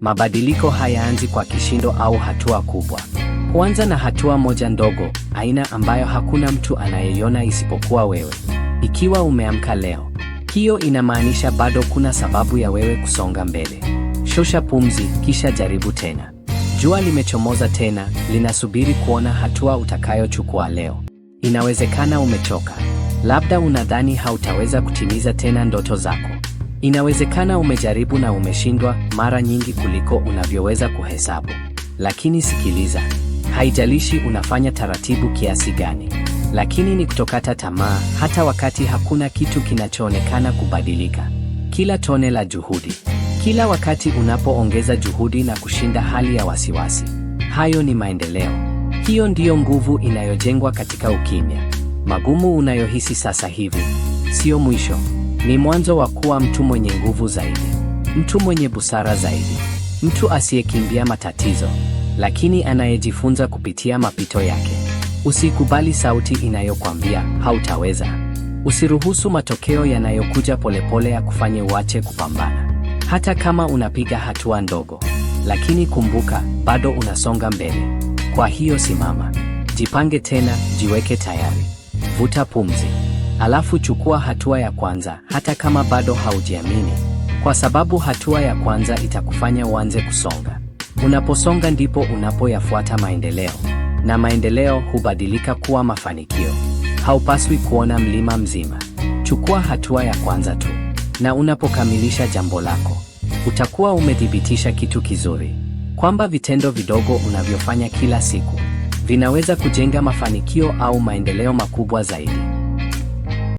Mabadiliko hayaanzi kwa kishindo au hatua kubwa. Huanza na hatua moja ndogo, aina ambayo hakuna mtu anayeiona isipokuwa wewe. Ikiwa umeamka leo, hiyo inamaanisha bado kuna sababu ya wewe kusonga mbele. Shusha pumzi, kisha jaribu tena. Jua limechomoza tena, linasubiri kuona hatua utakayochukua leo. Inawezekana umechoka, labda unadhani hautaweza kutimiza tena ndoto zako. Inawezekana umejaribu na umeshindwa mara nyingi kuliko unavyoweza kuhesabu. Lakini sikiliza, haijalishi unafanya taratibu kiasi gani, lakini ni kutokata tamaa hata wakati hakuna kitu kinachoonekana kubadilika. Kila tone la juhudi, kila wakati unapoongeza juhudi na kushinda hali ya wasiwasi, hayo ni maendeleo. Hiyo ndiyo nguvu inayojengwa katika ukimya. Magumu unayohisi sasa hivi sio mwisho ni mwanzo wa kuwa mtu mwenye nguvu zaidi, mtu mwenye busara zaidi, mtu asiyekimbia matatizo, lakini anayejifunza kupitia mapito yake. Usikubali sauti inayokwambia hautaweza. Usiruhusu matokeo yanayokuja polepole ya kufanye uache kupambana, hata kama unapiga hatua ndogo, lakini kumbuka, bado unasonga mbele. Kwa hiyo simama, jipange tena, jiweke tayari, vuta pumzi. Alafu chukua hatua ya kwanza, hata kama bado haujiamini, kwa sababu hatua ya kwanza itakufanya uanze kusonga. Unaposonga ndipo unapoyafuata maendeleo, na maendeleo hubadilika kuwa mafanikio. Haupaswi kuona mlima mzima. Chukua hatua ya kwanza tu, na unapokamilisha jambo lako utakuwa umethibitisha kitu kizuri, kwamba vitendo vidogo unavyofanya kila siku vinaweza kujenga mafanikio au maendeleo makubwa zaidi.